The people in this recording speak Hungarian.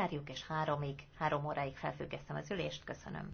zárjuk, és háromig, három óráig felfüggesztem az ülést. Köszönöm.